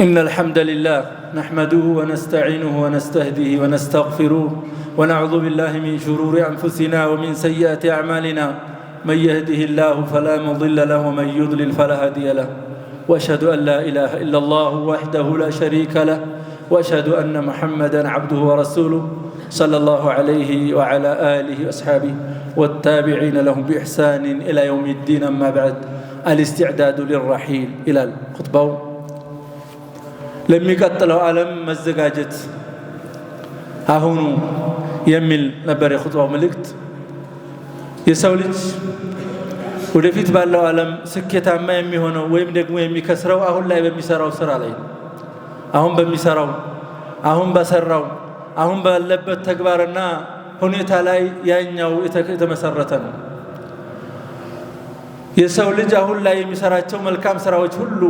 إن الحمد لله نحمده ونستعينه ونستهديه ونستغفره ونعوذ بالله من شرور أنفسنا ومن سيئات أعمالنا من يهده الله فلا مضل له ومن يضلل فلا هادي له وأشهد أن لا إله إلا الله وحده لا شريك له وأشهد أن محمدا عبده ورسوله صلى الله عليه وعلى آله وأصحابه والتابعين لهم بإحسان إلى يوم الدين أما بعد الاستعداد للرحيل إلى الخطبة ለሚቀጥለው ዓለም መዘጋጀት አሁኑ የሚል ነበር የኹጥባው መልእክት። የሰው ልጅ ወደፊት ባለው ዓለም ስኬታማ የሚሆነው ወይም ደግሞ የሚከስረው አሁን ላይ በሚሰራው ስራ ላይ ነው። አሁን በሚሰራው አሁን በሰራው አሁን ባለበት ተግባርና ሁኔታ ላይ ያኛው የተመሰረተ ነው። የሰው ልጅ አሁን ላይ የሚሰራቸው መልካም ስራዎች ሁሉ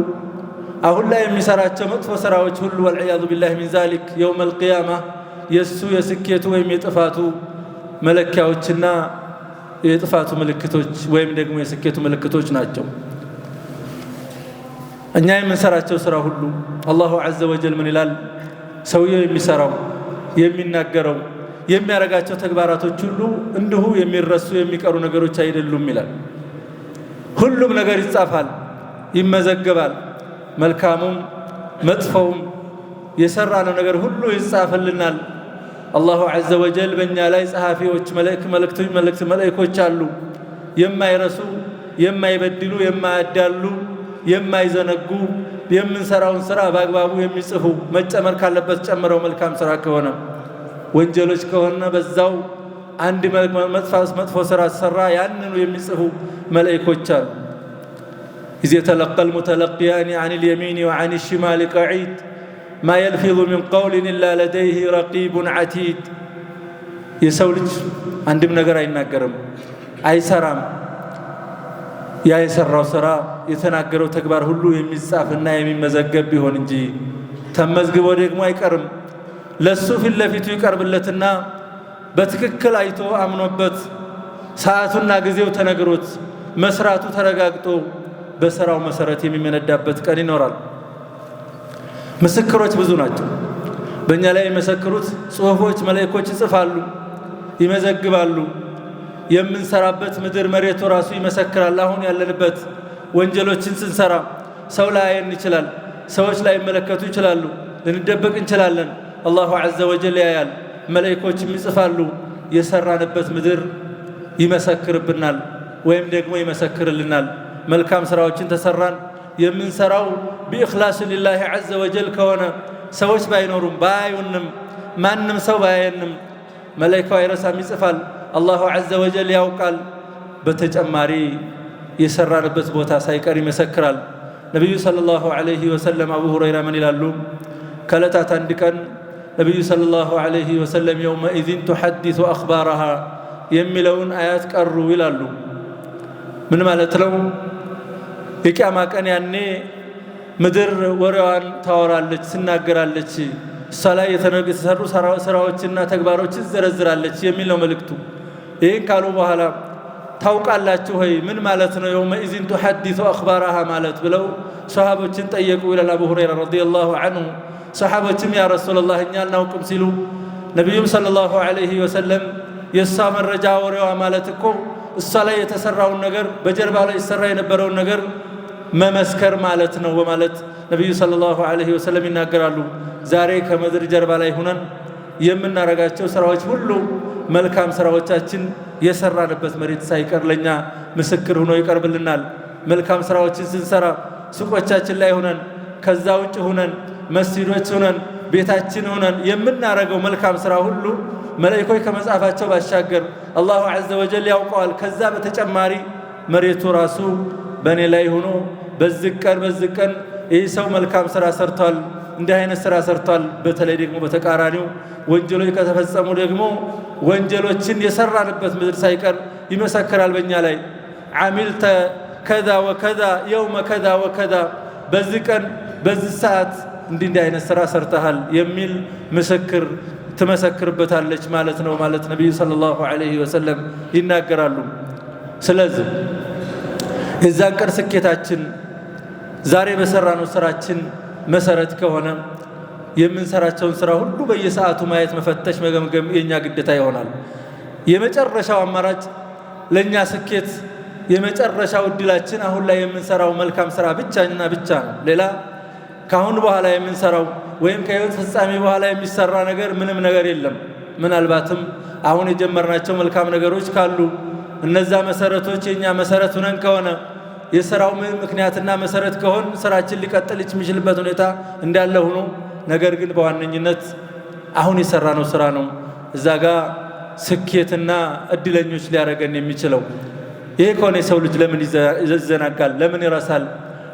አሁን ላይ የሚሰራቸው መጥፎ ስራዎች ሁሉ ወልዕያዙ ቢላህ ሚን ዛሊክ የውም አልቅያማ የእሱ የስኬቱ ወይም የጥፋቱ መለኪያዎችና የጥፋቱ ምልክቶች ወይም ደግሞ የስኬቱ ምልክቶች ናቸው። እኛ የምንሰራቸው ስራ ሁሉ አላሁ ዐዘ ወጀል ምን ይላል? ሰውየው የሚሰራው የሚናገረው የሚያደርጋቸው ተግባራቶች ሁሉ እንዲሁ የሚረሱ የሚቀሩ ነገሮች አይደሉም ይላል። ሁሉም ነገር ይጻፋል፣ ይመዘግባል? መልካሙም መጥፎውም የሰራነው ነገር ሁሉ ይጻፍልናል። አላሁ ዐዘ ወጀል በእኛ ላይ ጸሐፊዎች መልእክት መልእኮች አሉ፣ የማይረሱ የማይበድሉ፣ የማያዳሉ፣ የማይዘነጉ የምንሰራውን ስራ በአግባቡ የሚጽፉ መጨመር ካለበት ጨምረው መልካም ስራ ከሆነ ወንጀሎች ከሆነ በዛው አንድ መጥፎ ስራ ሰራ ያንኑ የሚጽፉ መልእኮች አሉ። إذ يتلقى المتلقيان عن اليمين وعن الشمال قعيد ما يلفظ من قول إلا لديه رقيب عتيد የሰው ልጅ አንድም ነገር አይናገርም፣ አይሰራም። ያ የሰራው ስራ የተናገረው ተግባር ሁሉ የሚጻፍና የሚመዘገብ ቢሆን እንጂ ተመዝግቦ ደግሞ አይቀርም። ለሱ ፊት ለፊቱ ይቀርብለትና በትክክል አይቶ አምኖበት ሰዓቱና ጊዜው ተነግሮት መስራቱ ተረጋግጦ በስራው መሰረት የሚመነዳበት ቀን ይኖራል። ምስክሮች ብዙ ናቸው። በእኛ ላይ የመሰክሩት ጽሑፎች መላእኮች ይጽፋሉ፣ ይመዘግባሉ። የምንሰራበት ምድር መሬቱ ራሱ ይመሰክራል። አሁን ያለንበት ወንጀሎችን ስንሰራ ሰው ላያየን ይችላል፣ ሰዎች ላይመለከቱ ይችላሉ፣ ልንደበቅ እንችላለን። አላሁ ዐዘ ወጀል ያያል፣ መላእኮችም ይጽፋሉ። የሰራንበት ምድር ይመሰክርብናል ወይም ደግሞ ይመሰክርልናል። መልካም ስራዎችን ተሰራን የምንሰራው ቢእኽላስ ሊላሂ ዐዘ ወጀል ከሆነ ሰዎች ባይኖሩም ባያዩንም፣ ማንም ሰው ባያየንም መላይካው አይረሳም፣ ይጽፋል። አላሁ ዐዘ ወጀል ያውቃል። በተጨማሪ የሰራንበት ቦታ ሳይቀር ይመሰክራል። ነቢዩ ሰለላሁ ዐለይሂ ወሰለም አቡ ሁረይራ ምን ይላሉ? ከዕለታት አንድ ቀን ነቢዩ ሰለላሁ ዐለይሂ ወሰለም የውመኢዝን ቱሐዲሱ አኽባራሃ የሚለውን አያት ቀሩ ይላሉ። ምን ማለት ነው? የቅያማ ቀን ያኔ ምድር ወሬዋን ታወራለች፣ ትናገራለች። እሷ ላይ የተሰሩ ስራዎችና ተግባሮችን ትዘረዝራለች የሚል ነው መልእክቱ። ይህን ካሉ በኋላ ታውቃላችሁ ሆይ ምን ማለት ነው ኢዚን ቱሐዲሱ አኽባራሃ ማለት ብለው ሰሃቦችን ጠየቁ ይላል አቡ ሁረይራ ረዲየላሁ አንሁ። ሰሃቦችም ያ ረሱለላህ እኛ አልናውቅም ሲሉ ነቢዩም ሰለላሁ ዐለይሂ ወሰለም የእሷ መረጃ ወሬዋ ማለት እኮ እሷ ላይ የተሰራውን ነገር በጀርባ ላይ ይሰራ የነበረውን ነገር መመስከር ማለት ነው በማለት ነቢዩ ሰለላሁ ዐለይሂ ወሰለም ይናገራሉ። ዛሬ ከምድር ጀርባ ላይ ሁነን የምናረጋቸው ስራዎች ሁሉ መልካም ስራዎቻችን የሰራንበት መሬት ሳይቀር ለእኛ ምስክር ሆኖ ይቀርብልናል። መልካም ስራዎችን ስንሰራ ሱቆቻችን ላይ ሁነን ከዛ ውጭ ሁነን መስጂዶች ሁነን ቤታችን ሁነን የምናረገው መልካም ስራ ሁሉ መላእኮች ከመጽሐፋቸው ባሻገር አላሁ ዐዘ ወጀል ያውቀዋል። ከዛ በተጨማሪ መሬቱ ራሱ በእኔ ላይ ሆኖ በዚህ ቀን በዚህ ቀን ይህ ሰው መልካም ስራ ሰርቷል፣ እንዲህ አይነት ስራ ሰርቷል። በተለይ ደግሞ በተቃራኒው ወንጀሎች ከተፈጸሙ ደግሞ ወንጀሎችን የሰራንበት ምድር ሳይቀር ይመሰክራል በእኛ ላይ አሚልተ ከዛ ወከዛ የውመ ከዛ ወከዛ በዚህ ቀን በዚህ ሰዓት እንዲህ እንዲህ አይነት ስራ ሰርተሃል የሚል ምስክር ትመሰክርበታለች ማለት ነው ማለት ነቢዩ ሰለላሁ ዐለይሂ ወሰለም ይናገራሉ። ስለዚህ የዛን ቀን ስኬታችን ዛሬ በሰራነው ስራችን መሰረት ከሆነ የምንሰራቸውን ስራ ሁሉ በየሰዓቱ ማየት፣ መፈተሽ፣ መገምገም የእኛ ግዴታ ይሆናል። የመጨረሻው አማራጭ ለእኛ ስኬት የመጨረሻው እድላችን አሁን ላይ የምንሰራው መልካም ስራ ብቻና ብቻ ነው። ሌላ ከአሁን በኋላ የምንሰራው ወይም ከህይወት ፍጻሜ በኋላ የሚሰራ ነገር ምንም ነገር የለም። ምናልባትም አሁን የጀመርናቸው መልካም ነገሮች ካሉ እነዛ መሰረቶች የእኛ መሰረት ሁነን ከሆነ የስራው ምክንያትና መሰረት ከሆን ስራችን ሊቀጥል የሚችልበት ሁኔታ እንዳለ ሆኖ፣ ነገር ግን በዋነኝነት አሁን የሰራነው ስራ ነው እዛ ጋ ስኬትና እድለኞች ሊያደርገን የሚችለው። ይሄ ከሆነ የሰው ልጅ ለምን ይዘናጋል? ለምን ይረሳል?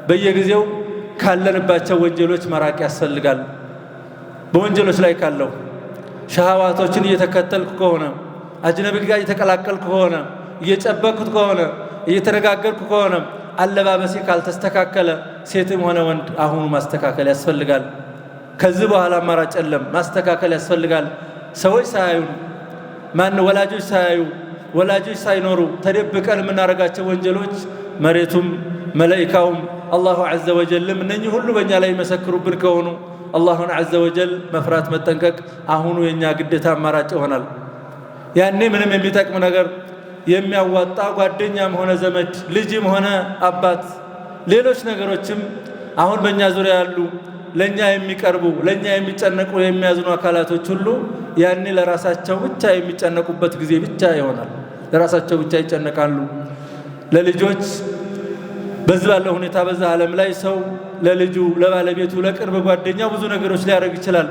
በየጊዜው ካለንባቸው ወንጀሎች መራቅ ያስፈልጋል። በወንጀሎች ላይ ካለው ሸሃዋቶችን እየተከተልኩ ከሆነ አጅነቢ ጋር እየተቀላቀልኩ ከሆነ እየጨበኩት ከሆነ እየተነጋገርኩ ከሆነ አለባበሴ ካልተስተካከለ ሴትም ሆነ ወንድ አሁኑ ማስተካከል ያስፈልጋል። ከዚህ በኋላ አማራጭ የለም፣ ማስተካከል ያስፈልጋል። ሰዎች ሳያዩ ማን ወላጆች ሳያዩ ወላጆች ሳይኖሩ ተደብቀን የምናደርጋቸው ወንጀሎች መሬቱም መላኢካውም አላሁ ዐዘ ወጀልም እነኚህ ሁሉ በእኛ ላይ መሰክሩብን ከሆኑ አላሁን ዐዘ ወጀል መፍራት መጠንቀቅ አሁኑ የእኛ ግዴታ አማራጭ ይሆናል። ያኔ ምንም የሚጠቅም ነገር የሚያዋጣ ጓደኛም ሆነ ዘመድ ልጅም ሆነ አባት፣ ሌሎች ነገሮችም አሁን በእኛ ዙሪያ ያሉ ለእኛ የሚቀርቡ ለእኛ የሚጨነቁ የሚያዝኑ አካላቶች ሁሉ ያኔ ለራሳቸው ብቻ የሚጨነቁበት ጊዜ ብቻ ይሆናል። ለራሳቸው ብቻ ይጨነቃሉ። ለልጆች በዚህ ባለው ሁኔታ በዛ ዓለም ላይ ሰው ለልጁ፣ ለባለቤቱ፣ ለቅርብ ጓደኛው ብዙ ነገሮች ሊያደርግ ይችላል።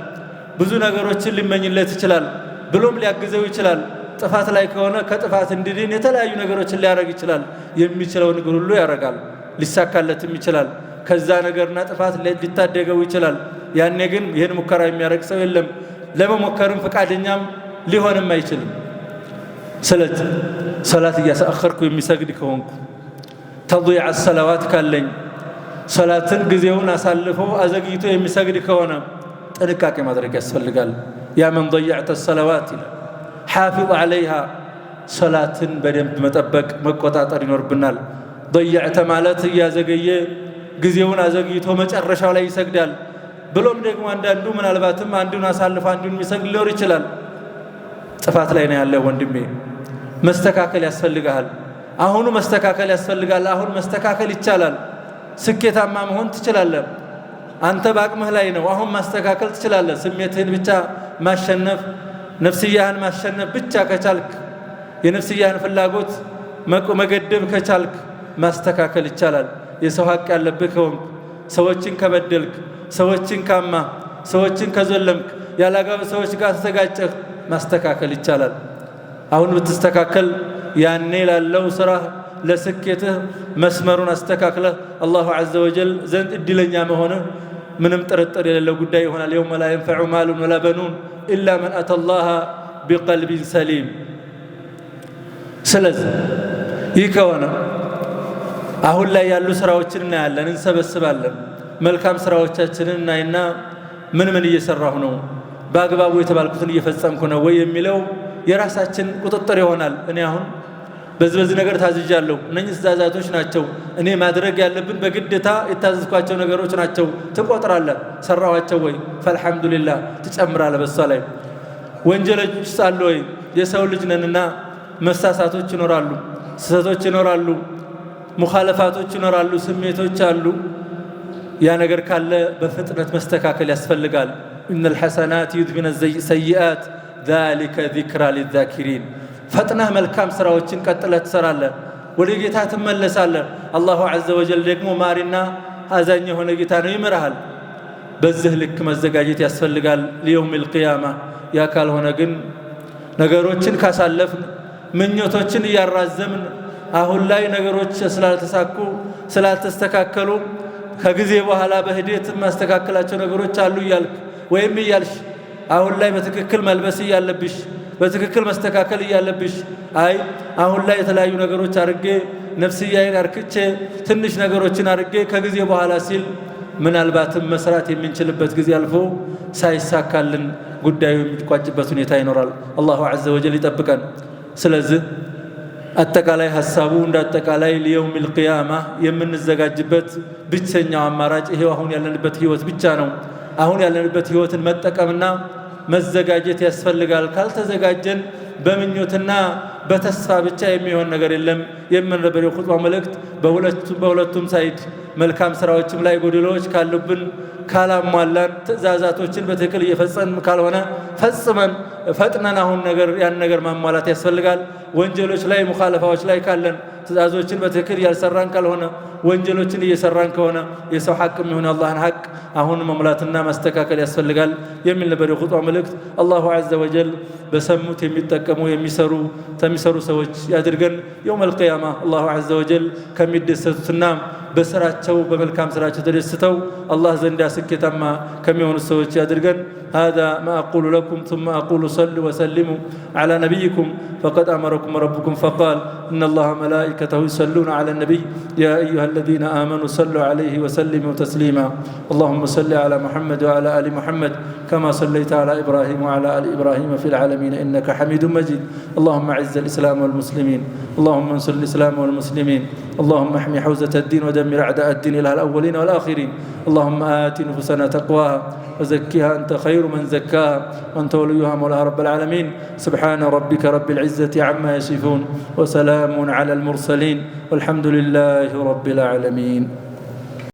ብዙ ነገሮችን ሊመኝለት ይችላል። ብሎም ሊያግዘው ይችላል። ጥፋት ላይ ከሆነ ከጥፋት እንዲድን የተለያዩ ነገሮችን ሊያደርግ ይችላል። የሚችለው ነገር ሁሉ ያደርጋል፣ ሊሳካለትም ይችላል። ከዛ ነገርና ጥፋት ሊታደገው ይችላል። ያኔ ግን ይህን ሙከራ የሚያደርግ ሰው የለም፣ ለመሞከርም ፈቃደኛም ሊሆንም አይችልም። ስለዚህ ሰላት እያሰአኸርኩ የሚሰግድ ከሆንኩ ተضيع ሰላዋት ካለኝ ሰላትን ጊዜውን አሳልፎ አዘግይቶ የሚሰግድ ከሆነ ጥንቃቄ ማድረግ ያስፈልጋል። ያ መን ضيعت الصلوات ሓፊዝ ዓለይሃ ሰላትን በደንብ መጠበቅ መቆጣጠር ይኖርብናል። ضيعተ ማለት እያዘገየ ጊዜውን አዘግይቶ መጨረሻው ላይ ይሰግዳል። ብሎም ደግሞ አንዳንዱ ምናልባትም አንዱን አሳልፎ አንዱን የሚሰግድ ሊኖር ይችላል። ጥፋት ላይ ነው ያለ ወንድሜ፣ መስተካከል ያስፈልግሃል። አሁኑ መስተካከል ያስፈልጋል። አሁን መስተካከል ይቻላል። ስኬታማ መሆን ትችላለህ። አንተ በአቅምህ ላይ ነው። አሁን ማስተካከል ትችላለህ። ስሜትህን ብቻ ማሸነፍ ነፍስያህን ማሸነፍ ብቻ ከቻልክ የነፍስያህን ፍላጎት መገደብ ከቻልክ ማስተካከል ይቻላል። የሰው ሀቅ ያለብህ ከሆንክ፣ ሰዎችን ከበደልክ፣ ሰዎችን ካማ፣ ሰዎችን ከዘለምክ፣ ያላጋብ ሰዎች ጋር ተጋጨህ ማስተካከል ይቻላል። አሁን ብትስተካከል ያኔ ላለው ስራህ ለስኬትህ መስመሩን አስተካክለህ አላሁ ዐዘ ወጀል ዘንድ እድለኛ መሆንህ ምንም ጥርጥር የሌለው ጉዳይ ይሆናል። የውመ ላ የንፈዑ ማሉን ወላ በኑን ኢላ መን አተ ላሃ ቢቀልቢን ሰሊም። ስለዚህ ይህ ከሆነ አሁን ላይ ያሉ ስራዎችን እናያለን፣ እንሰበስባለን። መልካም ስራዎቻችንን እናይና ምን ምን እየሰራሁ ነው፣ በአግባቡ የተባልኩትን እየፈጸምኩ ነው ወይ የሚለው የራሳችን ቁጥጥር ይሆናል። እኔ አሁን በዚህ በዚህ ነገር ታዝዣለሁ። እነኚህ ትእዛዛቶች ናቸው እኔ ማድረግ ያለብን በግዴታ የታዘዝኳቸው ነገሮች ናቸው። ትቆጥራለህ። ሰራኋቸው ወይ ፈልሐምዱሊላ ትጨምራለህ። በሷ ላይ ወንጀሎች ሳሉ ወይ የሰው ልጅ ነንና መሳሳቶች ይኖራሉ፣ ስህተቶች ይኖራሉ፣ ሙኻለፋቶች ይኖራሉ፣ ስሜቶች አሉ። ያ ነገር ካለ በፍጥነት መስተካከል ያስፈልጋል። ኢነል ሐሰናት ዩድቢነ ሰይአት ዛሊከ ዚክራ ሊዛኪሪን ፈጥነህ መልካም ስራዎችን ቀጥለህ ትሰራለህ፣ ወደ ጌታ ትመለሳለህ። አላሁ ዐዘ ወጀል ደግሞ ማሪና አዛኝ የሆነ ጌታ ነው፣ ይምርሃል። በዚህ ልክ መዘጋጀት ያስፈልጋል ሊየውሚል ቂያማ። ያ ካልሆነ ግን ነገሮችን ካሳለፍን ምኞቶችን እያራዘምን አሁን ላይ ነገሮች ስላልተሳኩ ስላልተስተካከሉ ከጊዜ በኋላ በሂደት የማስተካከላቸው ነገሮች አሉ እያልክ ወይም እያልሽ አሁን ላይ በትክክል መልበስ እያለብሽ በትክክል መስተካከል እያለብሽ፣ አይ አሁን ላይ የተለያዩ ነገሮች አድርጌ ነፍስያዬን አርክቼ ትንሽ ነገሮችን አድርጌ ከጊዜ በኋላ ሲል ምናልባትም መስራት የምንችልበት ጊዜ አልፎ ሳይሳካልን ጉዳዩ የሚቋጭበት ሁኔታ ይኖራል። አላሁ ዐዘ ወጀል ይጠብቀን። ስለዚህ አጠቃላይ ሀሳቡ እንደ አጠቃላይ ለየውም ልቅያማ የምንዘጋጅበት ብቸኛው አማራጭ ይሄው አሁን ያለንበት ህይወት ብቻ ነው። አሁን ያለንበት ህይወትን መጠቀምና መዘጋጀት ያስፈልጋል። ካልተዘጋጀን በምኞትና በተስፋ ብቻ የሚሆን ነገር የለም። የምንረበር የኹጥባ መልእክት በሁለቱም ሳይድ መልካም ስራዎችም ላይ ጎደሎዎች ካሉብን ካላሟላን ትእዛዛቶችን በትክክል እየፈጸን ካልሆነ ፈጽመን ፈጥነን አሁን ነገር ያን ነገር ማሟላት ያስፈልጋል። ወንጀሎች ላይ ሙኻለፋዎች ላይ ካለን ትእዛዞችን በትክክል ያልሰራን ካልሆነ ወንጀሎችን እየሰራን ከሆነ የሰው ሐቅም ይሁን አላህን ሐቅ አሁን መሙላትና ማስተካከል ያስፈልጋል የሚል ነበር የኹጥባ መልእክት። አላሁ ዐዘ ወጀል በሰሙት የሚጠቀሙ የሚሰሩ ከሚሰሩ ሰዎች ያድርገን። የውመል ቂያማ አላሁ ዐዘ ወጀል ከሚደሰቱትና በስራቸው በመልካም ስራቸው ተደስተው አላህ ዘንዳ ስኬታማ ከሚሆኑ ሰዎች ያድርገን هذا ما أقول لكم ثم أقول صلوا وسلموا على نبيكم فقد أمركم ربكم فقال إن الله ملائكته يصلون على النبي يا أيها الذين آمنوا صلوا عليه وسلموا تسليما اللهم صل على محمد وعلى آل محمد كما صليت على إبراهيم وعلى آل إبراهيم في العالمين إنك حميد مجيد اللهم أعز الإسلام والمسلمين اللهم انصر الإسلام والمسلمين اللهم احمي حوزة الدين ودمر أعداء الدين إلى الأولين والآخرين اللهم آت نفوسنا تقواها وزكها أنت خير من زكاها وأنت وليها مولاها رب العالمين سبحان ربك رب العزة عما يصفون وسلام على المرسلين والحمد لله رب العالمين